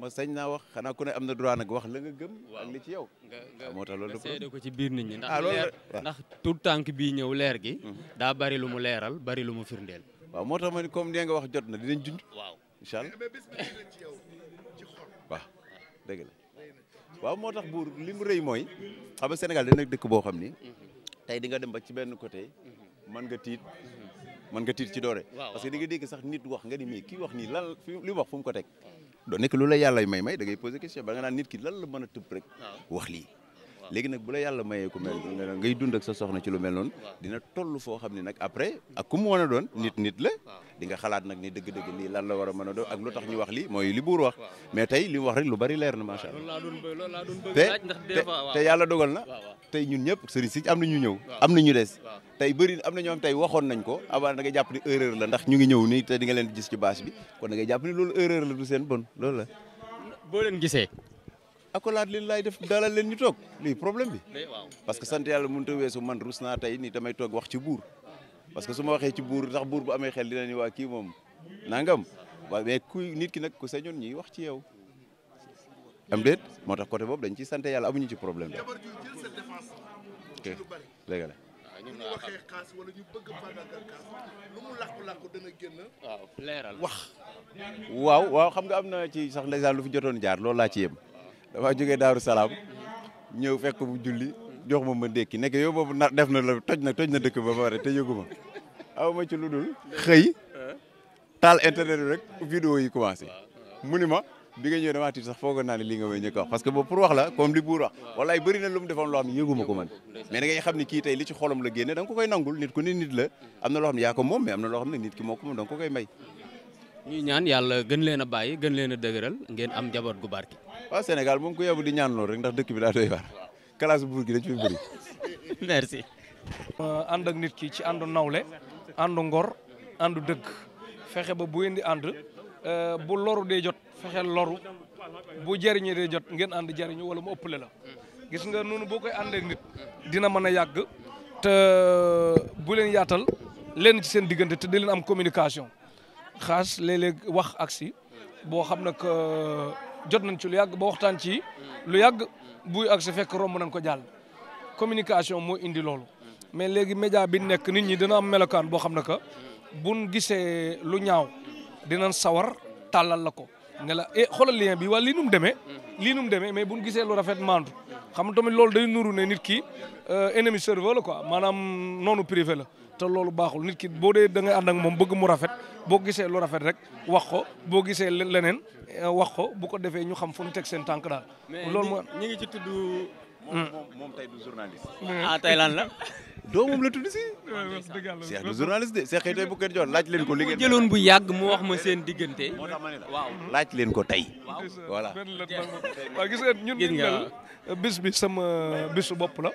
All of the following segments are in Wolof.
ma sañ naa wax xanaa ku ne am na droit nag wax la nga gëm. ak li ci yow. moo tax loolu seede ci biir nit ñi. ah loolu ndax tout tànk bii ñëw leer gi. Mhm. daa bari lu mu leeral bari lu mu firndeel. waaw moo tax ma ni comme nee nga wax jot na dinañ junj. waaw incha allah waaw dëgg moo tax buur li mu rëy mooy. xam nga Sénégal dina dëkk boo xam ni. Mhm. tey di nga dem ba ci benn côté. Mhm. mën nga tiit. mën ga tiit ci doore. parce que di nga sax nit wax nga ni mais kii wax nii lan li wax fu mu ko teg. doo nekk lu la yàlla may may da ngay poser question nga naan nit ki lan la mën a tëb rek wax lii léegi nag bu la yàlla mayee ku mel ngay dund ak sa soxna ci lu mel noonu dina toll foo xam ne nag après ak ku mu a doon nit nit la di nga xalaat nag ni dëgg-dëgg lii lan la war a mën a doon ak lu tax ñu wax lii mooy li buur wax mais tey li wax rek lu bari leer na macha allah te te yàlla dogal na tey ñun ñëpp sëriñ si am na ñu ñëw am na ñu des tey bëri am na ñoom tey waxoon nañ ko avant da nga jàpp ni erreur la ndax ñu ngi ñëw nii te di nga leen gis ci bâche bi kon da ngay jàpp ni loolu erreur la du seen bon loolu la boo leen gisee accolade leen laay def dalal leen ñu toog lii problème bi. parce que sant yàlla mënut a weesu man rus naa tey ni damay toog wax ci buur. parce que su ma waxee ci buur sax buur bu amee xel dina ni waa kii moom nangam waaye mais kuy nit ki nag ku sañoon ñuy wax ci yow. am déet moo tax côté boobu dañ ciy sant yàlla amuñu ci problème la. ok léegi la. Ah, ñu waxee xaas wala waaw waaw xam nga am na ci sax ndeysaan fu jotoon jaar loolu laa ci yem. damaa jógee Daaru Salaam ñëw fekk bu julli jox ma ma dékki nekk yow boobu na def na la toj na toj na dëkk ba pare te yëgu ma aw ma ci lu dul xëy taal internet bi rek vidéo yi commencé mu naa ne lii nga may ñëkk wax parce que yëguma ko man kii tey li ci xolam la génne da koy nangul nit ku ne nit la am na loo moom loo xam ne nit ki moo ko moom da nga ko koy yàlla gën leen a bàyyi gën leen a dëgëral ngeen am njaboot gu barke waaw Sénégal moom ko yebu di ñaan lool rek ndax dëkk bi daa doy waar classe buur gi dañ fi bëri merci euh, ànd ak nit ki ci àndu nawle àndu ngor àndu dëgg fexe ba bu indi ànd euh, bu loru dee jot fexe loru bu jariñu dee jot ngeen ànd jariñu wala mu ëppale la gis nga noonu boo koy àndee nit dina mën a yàgg te euh, bu leen yaatal leen seen diggante te di leen am communication xaas léeg-léeg wax ak boo xam ne que jot nañ ci lu yàgg ba waxtaan ci lu yàgg buy ak sa fekk romb nañ ko jàll communication moo indi loolu mais léegi média bi nekk nit ñi dina am melokaan boo xam na que bun gisee lu ñaaw dinañ sawar tàllal la ko ne la eh xoolal lien bi waa lii num demee lii num demee mais buñ gisee lu rafet maandu xam tamit loolu day nuru ne nit ki euh, ennemi serveur la quoi maanaam noonu privé la te loolu baaxul nit ki boo dee da ngay ànd ak moom bëgg mu rafet boo gisee lu rafet rek wax ko boo gisee leneen eh, wax ko bu ko defee ñu xam fu ñu teg seen tànk daal. loolu mooy ñu ngi ci tudd. Hmm. moom moom tey du journaliste. Hmm. ah la. doomam la tudd si. seex du journaliste de seex tey bu kër jox laaj leen ko. liggéey bu jëloon bu yàgg mu wax ma seen diggante. ma waaw laaj leen ko tey. voilà waaw gis nga ñun ñu mel bis bi sama bisu bopp la.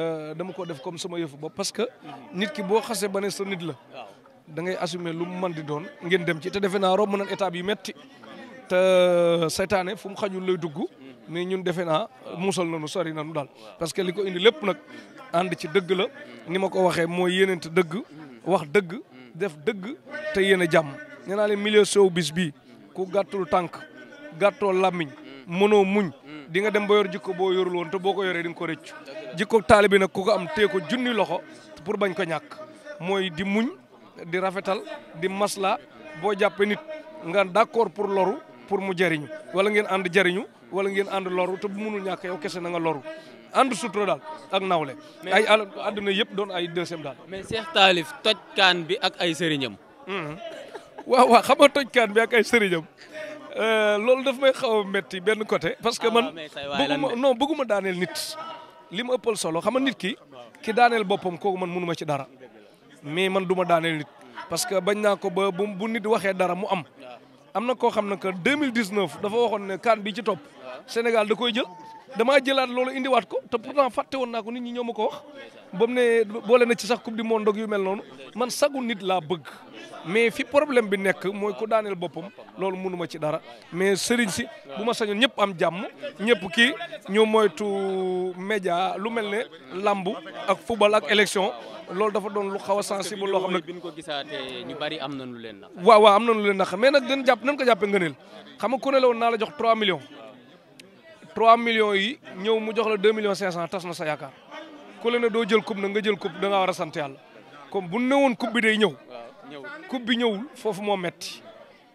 Euh, dama ko def comme sama yëfu bopp parce que. nit ki boo xasee ba ne sa nit la. da ngay assumer lu mu mën di doon ngeen dem ci te defe naa romb nañ étape yu metti te euh, saytaane fu mu xañul lay dugg. mais ñun defe naa musal nañu sori nañu daal parce que li ko indi lépp nag ànd ci dëgg la ni ma ko waxee mooy yéeneent dëgg wax dëgg def dëgg te yéen a jàmm nee naa leen milieu showbiz bii ku gàttul tànk gàttoo làmmiñ mënoo muñ di nga dem ba yor jikko boo yorul woon te boo ko yoree di nga ko rëcc jikko taali bi nag ku ko am tee ko junni loxo pour bañ ko ñàkk mooy di muñ di rafetal di masla boo jàppee nit nga d'accord pour loru pour mu jariñu wala ngeen ànd jariñu wala ngeen ànd loru te bu mënul ñàkk yow kese na nga loru ànd sutura daal ak nawle. ay al àdduna yëpp doon ay deuxième daal. mais Cheikh Talif tojkaan bi ak ay sëriñam. Hmm. waaw waaw xam nga tojkaan bi ak ay sëriñam euh, loolu daf may xaw a métti benn côté. parce que ah, man bëgguma non bëgguma daaneel nit. li ma ëppal solo xam nga nit ki ki daaneel boppam kooku man mënu ma ci dara mais man du ma daaneel nit parce que bañ naa ko ba bu nit waxee dara mu am. am na koo xam ne que 2019 dafa waxoon ne kaan bi ci topp. Sénégal da koy jël damaa jëlaat loolu indiwaat ko te pourtant fàtte woon naa ko nit ñi ñoo ko wax ba ne boole na ci sax coupe du monde yu mel noonu man sagu nit laa bëgg mais fi problème bi nekk mooy ku daaneel boppam loolu mënu ma ci dara mais sëriñ si bu ma sañoon ñëpp am jàmm ñëpp kii ñu moytu média lu mel ne lambu ak football ak élection loolu dafa doon lu xaw a sensible loo xam ne. bi ñu ko gisaatee ñu bari am na lu leen naq. waaw na lu leen naq mais nag dañ jàpp nañ ko jàppee ngëneel xam nga ku ne la woon naa la jox 3 millions. 3 millions yi ñëw mu jox la 2 millions 500 tas na sa yaakaar ku la ne doo jël coupe na nga jël coupe da ngaa war a sant yàlla comme bu newoon coupe bi day ñëw. coupe bi ñëwul foofu moo metti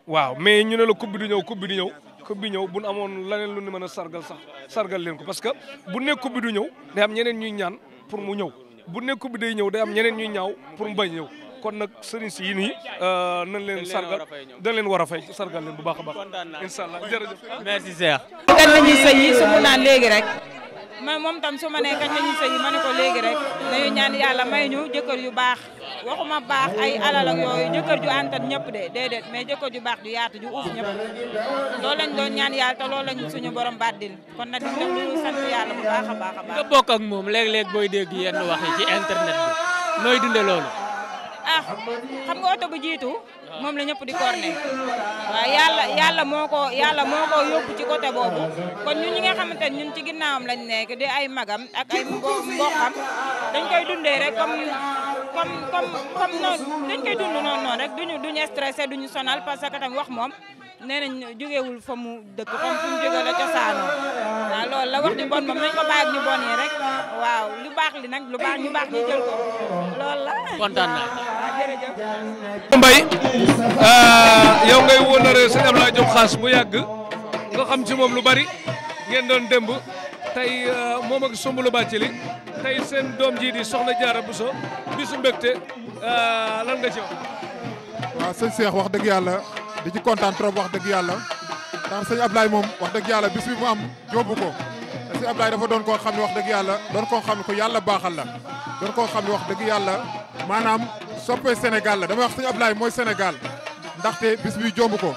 waaw mais ñu ne la coupe bi du ñëw coupe bi du ñëw coupe bi ñëw bu nu amoon leneen lu ñu mën a sargal sax sargal leen ko parce que bu ne coupe bi du ñëw day am ñeneen ñuy ñaan pour mu ñëw bu ne bi day ñëw day am ñeneen ñuy ñaaw pour mu bañ ñëw. kon nag sëriñ si yi nii euh, nañ leen sargal dañ leen war a fay sargal leen bu baax a baax incha allah jërëjëf merci Cheikh kañ la ñuy sëyi su mu léegi rek ma moom tam su ma nee kañ la ñuy sëyi ma ne ko léegi rek nañu ñaan yàlla may ñu jëkkër yu baax waxuma baax ay alal ak yooyu jëkkër ju àntat ñëpp de déedéet mais jëkkër ju baax ju yaatu ju uuf ñëpp loolu lañ doon ñaan yàlla te loolu lañ suñu borom bàddil kon na di def lu bu baax a baax a baax moom léeg-léeg booy dégg yenn wax yi ci internet bi nooy dunde loolu ah xam nga oto bu moom la ñëpp di corné waaw yàlla yàlla moo ko yàlla moo ko yóbbu ci côté boobu kon ñun ñi nga xamante ne ñun ci ginnaawam lañ nekk di ay magam ak ay mboqam dañ koy dundee rek comme comme comme comme noonu dañ koy dund noonu rek duñu duñu stressé sonal parce que tam wax moom nee nañ jógewul fa dëkk comme fu mu la cosaanoo waaw loolu la wax di bon nañ ko bàyyi ñu bon rek waaw lu baax li nag lu baax ñu baax ñu jël ko loolu la kontaan Mbaye ah, yow ngay wóolare sëñ Abdoulaye Diop Xaas bu yàgg nga xam ci moom lu bari ngeen doon démb tey ah, moom ak Soumboulou Bathily tey seen doom jii di soxna Diarra Bousso bisu mbégte ah, lan nga ci wax. waaw sëñ Cheikh wax dëgg yàlla di ci kontaan trop wax dëgg yàlla ndax sëñ Abdoulaye moom wax dëgg yàlla bis bi mu am jóobu ko te sëñ Abdoulaye dafa doon koo xam ne wax dëgg yàlla doon koo xam ne ko yàlla baaxal la doon koo xam ne wax dëgg yàlla maanaam. soppee Sénégal la dama wax sëñ Ablaye mooy Sénégal ndaxte bis bi jomb ko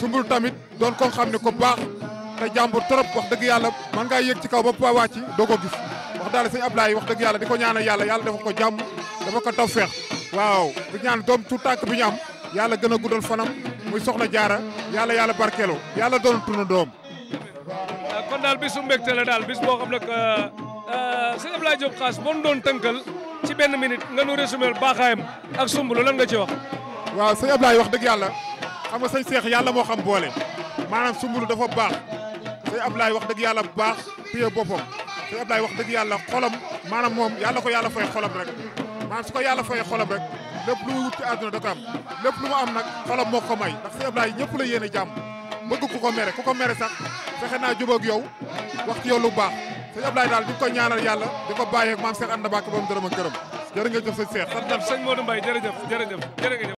sumbul tamit doon ko xam ne ko baax te jàmbur trop wax dëgg yàlla man ngaa yéeg ci kaw ba pa wàcc doo ko gis wax daal sëñ Ablaye wax dëgg yàlla di ko ñaanal yàlla yàlla dafa ko jàmm dafa ko tawfeex waaw di ñaan doom tu tànk bi ñu am yàlla gën a guddal fanam muy soxna jaara yàlla yàlla barkeeloo yàlla doon tunu doom kon daal bisu mbégte la daal bis boo xam ne que euh, sëñ ci benn minute nga nu résumé baaxaayam ak sumbulu lan nga ci wax. waaw sëñ Ablaye wax dëgg yàlla xam nga say seex yàlla moo xam boole maanaam sumbulu dafa baax sëñ Ablaye wax dëgg yàlla bu baax téye boppam sëñ Ablaye wax dëgg yàlla xolam maanaam moom yàlla ko yàlla fay xolam rek maanaam su ko yàlla fay xolam rek lépp lu mu wut ci àdduna lépp lu mu am nag xolam moo ko may ndax sëñ Ablaye ñëpp la yéene jàmm bëgg ku ko mere ku ko mere sax fexe naa jubóog yow wax ci yow lu sëñ Ablaye daal di ko ñaanal yàlla di ko bàyyeeg maam Cheikh Anta Mbacké borom dërëm ak gërëm jërë ngeen jëf sëñ Cheikh sant nañ sëñ Modou Mbaye jërëjëf jërëjëf jërëjëf